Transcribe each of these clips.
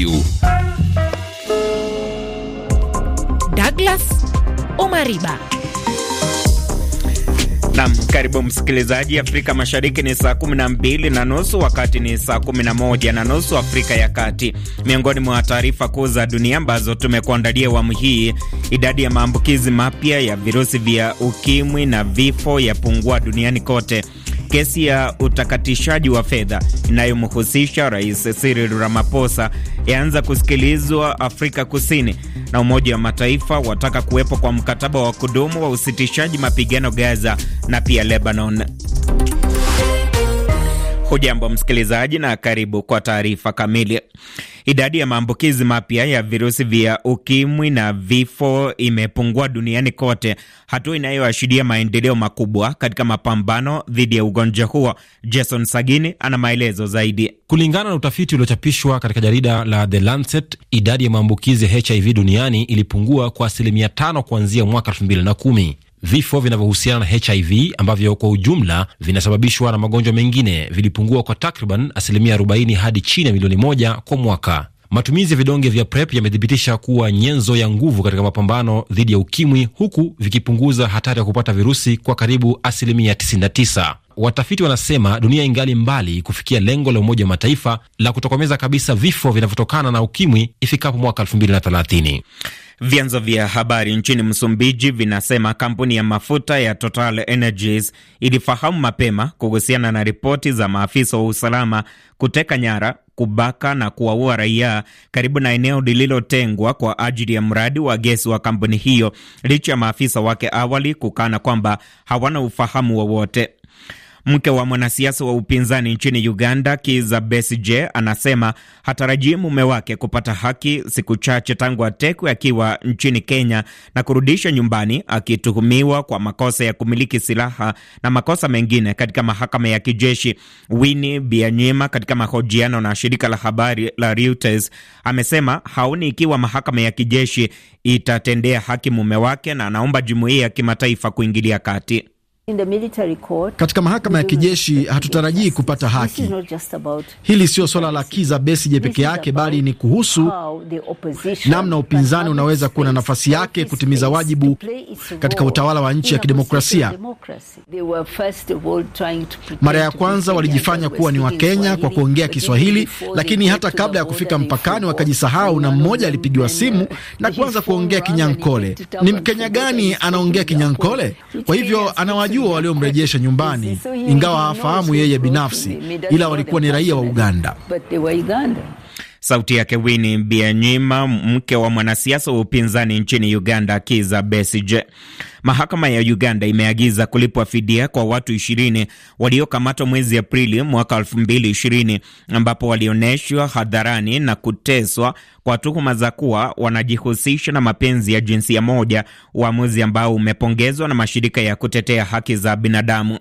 Radio. Douglas Omariba. Nam, karibu msikilizaji. Afrika Mashariki ni saa 12 na nusu, wakati ni saa 11 na nusu Afrika ya Kati. Miongoni mwa taarifa kuu za dunia ambazo tumekuandalia awamu hii: idadi ya maambukizi mapya ya virusi vya ukimwi na vifo yapungua duniani kote kesi ya utakatishaji wa fedha inayomhusisha Rais Cyril Ramaphosa yaanza kusikilizwa Afrika Kusini, na Umoja wa Mataifa wataka kuwepo kwa mkataba wa kudumu wa usitishaji mapigano Gaza na pia Lebanon. Hujambo msikilizaji, na karibu kwa taarifa kamili. Idadi ya maambukizi mapya ya virusi vya ukimwi na vifo imepungua duniani kote, hatua inayoashiria maendeleo makubwa katika mapambano dhidi ya ugonjwa huo. Jason Sagini ana maelezo zaidi. Kulingana na utafiti uliochapishwa katika jarida la The Lancet, idadi ya maambukizi ya HIV duniani ilipungua kwa asilimia tano kuanzia mwaka elfu mbili na kumi vifo vinavyohusiana na HIV ambavyo kwa ujumla vinasababishwa na magonjwa mengine vilipungua kwa takriban asilimia 40 hadi chini ya milioni moja kwa mwaka. Matumizi ya vidonge vya PrEP yamethibitisha kuwa nyenzo ya nguvu katika mapambano dhidi ya ukimwi, huku vikipunguza hatari ya kupata virusi kwa karibu asilimia 99. Watafiti wanasema dunia ingali mbali kufikia lengo la Umoja wa Mataifa la kutokomeza kabisa vifo vinavyotokana na ukimwi ifikapo mwaka 2030. Vyanzo vya habari nchini Msumbiji vinasema kampuni ya mafuta ya Total Energies ilifahamu mapema kuhusiana na ripoti za maafisa wa usalama kuteka nyara, kubaka na kuwaua raia karibu na eneo lililotengwa kwa ajili ya mradi wa gesi wa kampuni hiyo, licha ya maafisa wake awali kukana kwamba hawana ufahamu wowote. Mke wa mwanasiasa wa upinzani nchini Uganda, Kizza Besigye, anasema hatarajii mume wake kupata haki, siku chache tangu atekwe akiwa nchini Kenya na kurudishwa nyumbani akituhumiwa kwa makosa ya kumiliki silaha na makosa mengine katika mahakama ya kijeshi. Winnie Byanyima, katika mahojiano na shirika la habari la Reuters, amesema haoni ikiwa mahakama ya kijeshi itatendea haki mume wake na anaomba jumuiya ya kimataifa kuingilia kati. Katika mahakama ya kijeshi hatutarajii kupata haki. Hili sio swala la Kizza Besigye peke yake, bali ni kuhusu namna upinzani unaweza kuwa na nafasi yake kutimiza wajibu katika utawala wa nchi ya kidemokrasia. Mara ya kwanza walijifanya kuwa ni Wakenya kwa kuongea Kiswahili, lakini hata kabla ya kufika mpakani wakajisahau, na mmoja alipigiwa uh, simu na kuanza kuongea Kinyankole. Ni Mkenya gani anaongea Kinyankole? Kwa hivyo anawajua Wanajua waliomrejesha nyumbani, ingawa hawafahamu yeye binafsi, ila walikuwa ni raia wa Uganda. Sauti yake Winnie Byanyima, mke wa mwanasiasa wa upinzani nchini Uganda, kiza besije Mahakama ya Uganda imeagiza kulipwa fidia kwa watu ishirini waliokamatwa mwezi Aprili mwaka elfu mbili ishirini ambapo walionyeshwa hadharani na kuteswa kwa tuhuma za kuwa wanajihusisha na mapenzi ya jinsia moja, uamuzi ambao umepongezwa na mashirika ya kutetea haki za binadamu.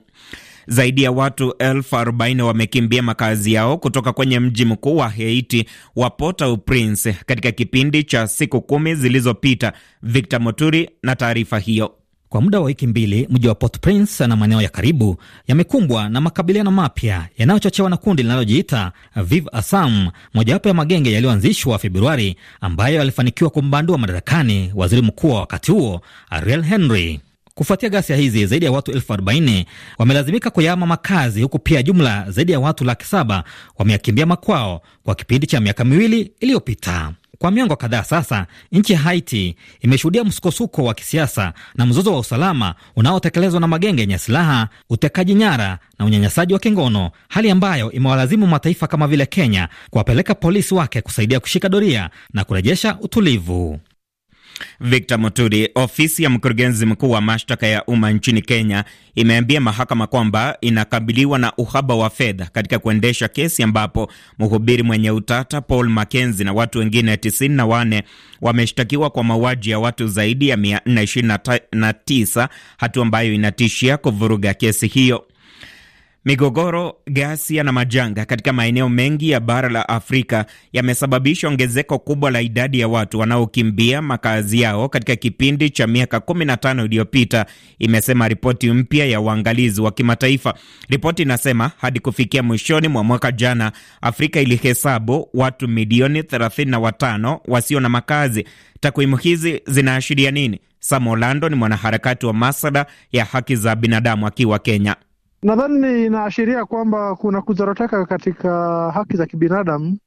Zaidi ya watu elfu arobaini wamekimbia makazi yao kutoka kwenye mji mkuu wa Haiti wa Port-au-Prince katika kipindi cha siku kumi zilizopita. Victor Moturi na taarifa hiyo. Kwa muda wa wiki mbili mji wa port prince na maeneo ya karibu yamekumbwa na makabiliano mapya yanayochochewa na kundi linalojiita Vive Assam, mojawapo ya magenge yaliyoanzishwa Februari, ambayo alifanikiwa kumbandua madarakani waziri mkuu wa wakati huo Ariel Henry. Kufuatia ghasia hizi, zaidi ya watu elfu arobaini wamelazimika kuyahama makazi, huku pia jumla zaidi ya watu laki saba wameyakimbia makwao kwa kipindi cha miaka miwili iliyopita. Kwa miongo kadhaa sasa, nchi ya Haiti imeshuhudia msukosuko wa kisiasa na mzozo wa usalama unaotekelezwa na magenge yenye silaha, utekaji nyara na unyanyasaji wa kingono, hali ambayo imewalazimu mataifa kama vile Kenya kuwapeleka polisi wake kusaidia kushika doria na kurejesha utulivu. Victor Muturi. Ofisi ya mkurugenzi mkuu wa mashtaka ya umma nchini Kenya imeambia mahakama kwamba inakabiliwa na uhaba wa fedha katika kuendesha kesi ambapo mhubiri mwenye utata Paul Mackenzie na watu wengine 94 wameshtakiwa kwa mauaji ya watu zaidi ya 429, hatua ambayo inatishia kuvuruga kesi hiyo. Migogoro, ghasia na majanga katika maeneo mengi ya bara la Afrika yamesababisha ongezeko kubwa la idadi ya watu wanaokimbia makazi yao katika kipindi cha miaka 15 iliyopita, imesema ripoti mpya ya uangalizi wa kimataifa. Ripoti inasema hadi kufikia mwishoni mwa mwaka jana, Afrika ilihesabu watu milioni 35 wasio na makazi. Takwimu hizi zinaashiria nini? Sam Orlando ni mwanaharakati wa masada ya haki za binadamu akiwa Kenya. Nadhani inaashiria kwamba kuna kuzoroteka katika haki za kibinadamu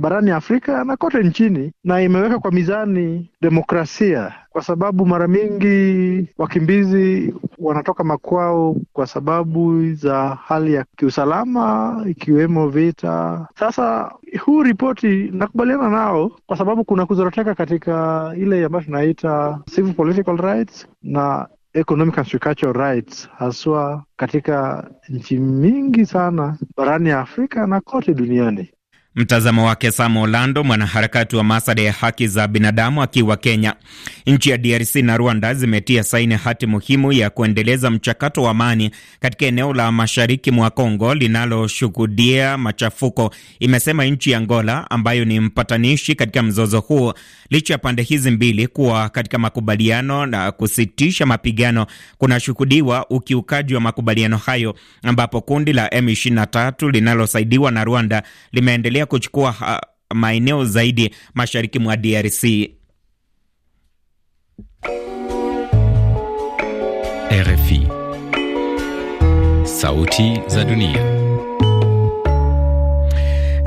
barani Afrika na kote nchini, na imeweka kwa mizani demokrasia, kwa sababu mara mingi wakimbizi wanatoka makwao kwa sababu za hali ya kiusalama ikiwemo vita. Sasa huu ripoti nakubaliana nao, kwa sababu kuna kuzoroteka katika ile ambayo tunaita civil political rights na economic and cultural rights haswa katika nchi mingi sana barani ya Afrika na kote duniani. Mtazamo wake Sam Orlando, mwanaharakati wa masuala ya haki za binadamu akiwa Kenya. Nchi ya DRC na Rwanda zimetia saini hati muhimu ya kuendeleza mchakato wa amani katika eneo la mashariki mwa congo linaloshuhudia machafuko, imesema nchi ya Angola ambayo ni mpatanishi katika mzozo huo, licha ya pande hizi mbili kuwa katika makubaliano na kusitisha mapigano. Kunashuhudiwa ukiukaji wa makubaliano hayo, ambapo kundi la M23 linalosaidiwa na Rwanda limeendelea kuchukua uh, maeneo zaidi mashariki mwa DRC. RFI, sauti za dunia.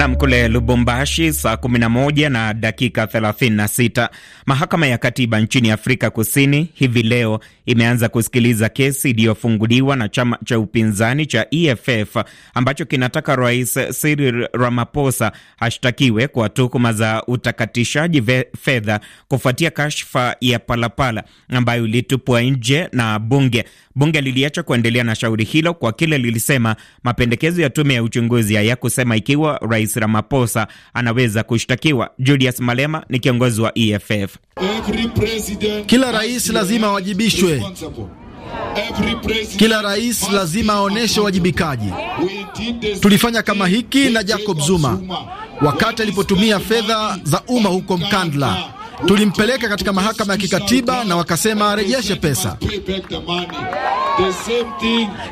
Nam kule Lubumbashi saa 11 na dakika 36. Mahakama ya katiba nchini Afrika Kusini hivi leo imeanza kusikiliza kesi iliyofunguliwa na chama cha upinzani cha EFF ambacho kinataka Rais Cyril Ramaphosa ashtakiwe kwa tuhuma za utakatishaji fedha kufuatia kashfa ya Palapala ambayo ilitupwa nje na bunge. Bunge liliacha kuendelea na shauri hilo kwa kile lilisema mapendekezo ya tume ya uchunguzi hayakusema ikiwa rais Rais Ramaphosa anaweza kushtakiwa. Julius Malema ni kiongozi wa EFF. Kila rais lazima awajibishwe. Kila rais lazima aonyeshe uwajibikaji. Tulifanya kama hiki na Jacob Zuma wakati alipotumia fedha za umma huko Mkandla. Tulimpeleka katika mahakama ya kikatiba na wakasema arejeshe pesa.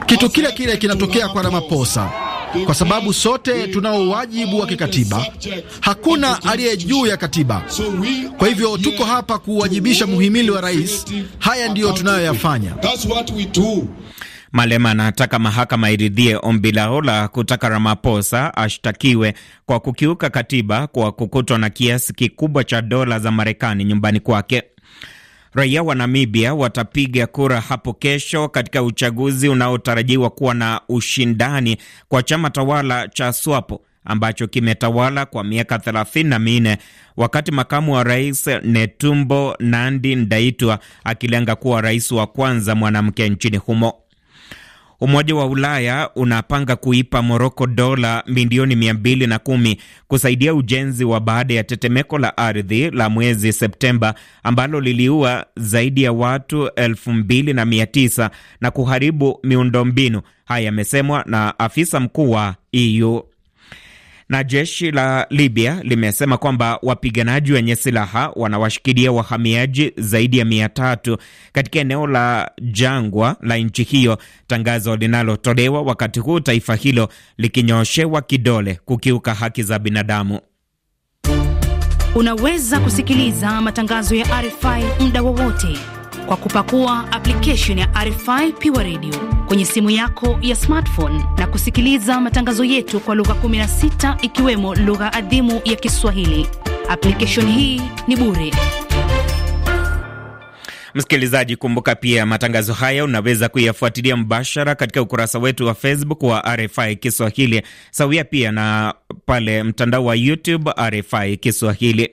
Kitu kile kile kinatokea kwa Ramaphosa kwa sababu sote tunao wajibu wa kikatiba. Hakuna aliye juu ya katiba. Kwa hivyo tuko hapa kuwajibisha muhimili wa rais. Haya ndiyo tunayoyafanya. Malema anataka mahakama iridhie ombi lao la kutaka Ramaphosa ashtakiwe kwa kukiuka katiba kwa kukutwa na kiasi kikubwa cha dola za Marekani nyumbani kwake raia wa Namibia watapiga kura hapo kesho katika uchaguzi unaotarajiwa kuwa na ushindani kwa chama tawala cha SWAPO ambacho kimetawala kwa miaka 34 wakati makamu wa rais Netumbo Nandi Ndaitwa akilenga kuwa rais wa kwanza mwanamke nchini humo. Umoja wa Ulaya unapanga kuipa Moroko dola milioni mia mbili na kumi kusaidia ujenzi wa baada ya tetemeko la ardhi la mwezi Septemba ambalo liliua zaidi ya watu elfu mbili na mia tisa na kuharibu miundombinu. Haya yamesemwa na afisa mkuu wa EU na jeshi la Libya limesema kwamba wapiganaji wenye silaha wanawashikilia wahamiaji zaidi ya mia tatu katika eneo la jangwa la nchi hiyo, tangazo linalotolewa wakati huu taifa hilo likinyoshewa kidole kukiuka haki za binadamu. Unaweza kusikiliza matangazo ya RFI muda wowote kwa kupakua application ya RFI Pure Radio kwenye simu yako ya smartphone na kusikiliza matangazo yetu kwa lugha 16 ikiwemo lugha adhimu ya Kiswahili. Application hii ni bure. Msikilizaji, kumbuka pia matangazo haya unaweza kuyafuatilia mbashara katika ukurasa wetu wa Facebook wa RFI Kiswahili, sawia pia na pale mtandao wa YouTube RFI Kiswahili.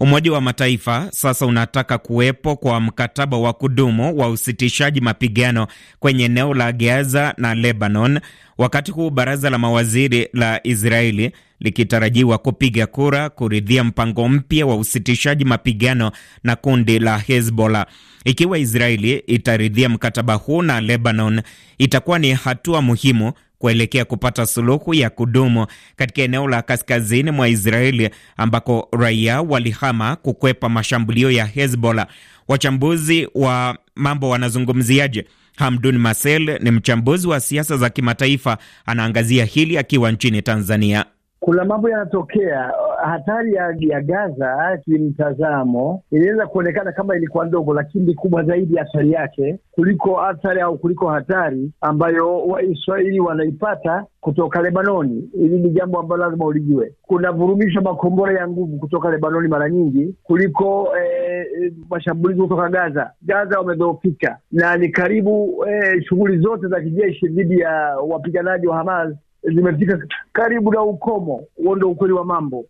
Umoja wa Mataifa sasa unataka kuwepo kwa mkataba wa kudumu wa usitishaji mapigano kwenye eneo la Gaza na Lebanon, wakati huu baraza la mawaziri la Israeli likitarajiwa kupiga kura kuridhia mpango mpya wa usitishaji mapigano na kundi la Hezbollah. Ikiwa Israeli itaridhia mkataba huu na Lebanon, itakuwa ni hatua muhimu kuelekea kupata suluhu ya kudumu katika eneo la kaskazini mwa Israeli ambako raia walihama kukwepa mashambulio ya Hezbollah. Wachambuzi wa mambo wanazungumziaje? Hamdun Masel ni mchambuzi wa siasa za kimataifa, anaangazia hili akiwa nchini Tanzania kuna mambo yanatokea. Hatari ya, ya Gaza kimtazamo inaweza kuonekana kama ilikuwa ndogo, lakini ni kubwa zaidi hatari yake kuliko athari au kuliko hatari ambayo Waisraeli wanaipata kutoka Lebanoni. Hili ni jambo ambalo lazima ulijue. Kuna vurumisho makombora ya nguvu kutoka Lebanoni mara nyingi kuliko eh, mashambulizi kutoka Gaza. Gaza wamedhoofika na ni karibu eh, shughuli zote za kijeshi dhidi ya wapiganaji wa Hamas limefika karibu na ukomo. Huo ndo ukweli wa mambo.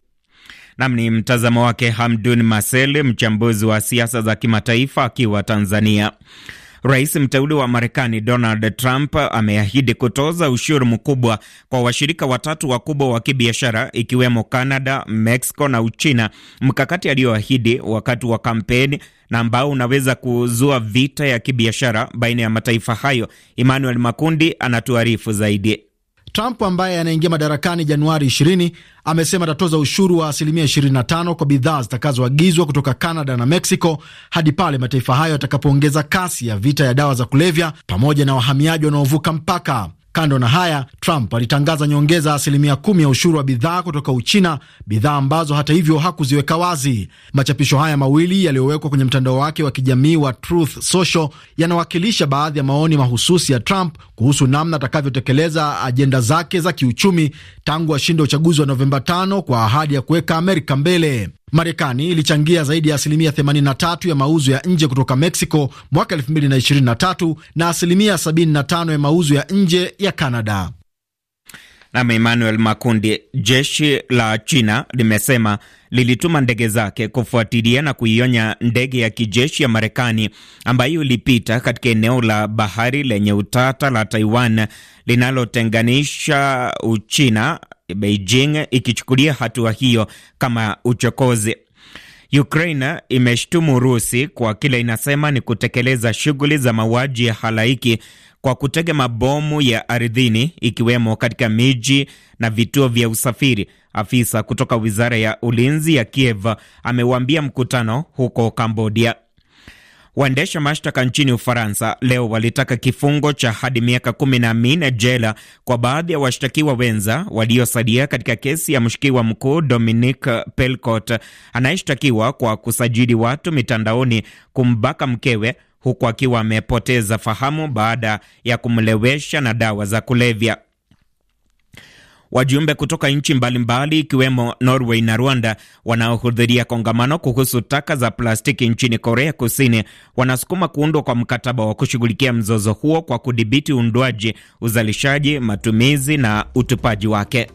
Nam ni mtazamo wake Hamdun Masel, mchambuzi wa siasa za kimataifa akiwa Tanzania. Rais mteule wa Marekani Donald Trump ameahidi kutoza ushuru mkubwa kwa washirika watatu wakubwa wa kibiashara ikiwemo Canada, Mexico na Uchina, mkakati aliyoahidi wakati wa kampeni na ambao unaweza kuzua vita ya kibiashara baina ya mataifa hayo. Emmanuel Makundi anatuarifu zaidi. Trump ambaye anaingia madarakani Januari 20 amesema atatoza ushuru wa asilimia 25 kwa bidhaa zitakazoagizwa kutoka Canada na Mexico hadi pale mataifa hayo yatakapoongeza kasi ya vita ya dawa za kulevya pamoja na wahamiaji wanaovuka mpaka. Kando na haya, Trump alitangaza nyongeza asilimia kumi ya ushuru wa bidhaa kutoka Uchina, bidhaa ambazo hata hivyo hakuziweka wazi. Machapisho haya mawili yaliyowekwa kwenye mtandao wake wa kijamii wa Truth Social yanawakilisha baadhi ya maoni mahususi ya Trump kuhusu namna atakavyotekeleza ajenda zake za kiuchumi tangu ashinde uchaguzi wa Novemba 5 kwa ahadi ya kuweka Amerika mbele. Marekani ilichangia zaidi ya asilimia 83 ya mauzo ya nje kutoka Mexico mwaka 2023 na asilimia 75 ya mauzo ya nje ya canada Nam Emmanuel Makundi. Jeshi la China limesema lilituma ndege zake kufuatilia na kuionya ndege ya kijeshi ya Marekani ambayo ilipita katika eneo la bahari lenye utata la Taiwan linalotenganisha Uchina, Beijing ikichukulia hatua hiyo kama uchokozi. Ukraine imeshtumu Urusi kwa kile inasema ni kutekeleza shughuli za mauaji ya halaiki kwa kutega mabomu ya ardhini ikiwemo katika miji na vituo vya usafiri. Afisa kutoka wizara ya ulinzi ya Kiev amewaambia mkutano huko Kambodia. Waendesha mashtaka nchini Ufaransa leo walitaka kifungo cha hadi miaka kumi na minne jela kwa baadhi ya washtakiwa wenza waliosalia katika kesi ya mshukiwa mkuu Dominic Pelcot anayeshtakiwa kwa kusajili watu mitandaoni kumbaka mkewe huku akiwa amepoteza fahamu baada ya kumlewesha na dawa za kulevya. Wajumbe kutoka nchi mbalimbali ikiwemo Norway na Rwanda wanaohudhuria kongamano kuhusu taka za plastiki nchini Korea Kusini wanasukuma kuundwa kwa mkataba wa kushughulikia mzozo huo kwa kudhibiti uundwaji, uzalishaji, matumizi na utupaji wake.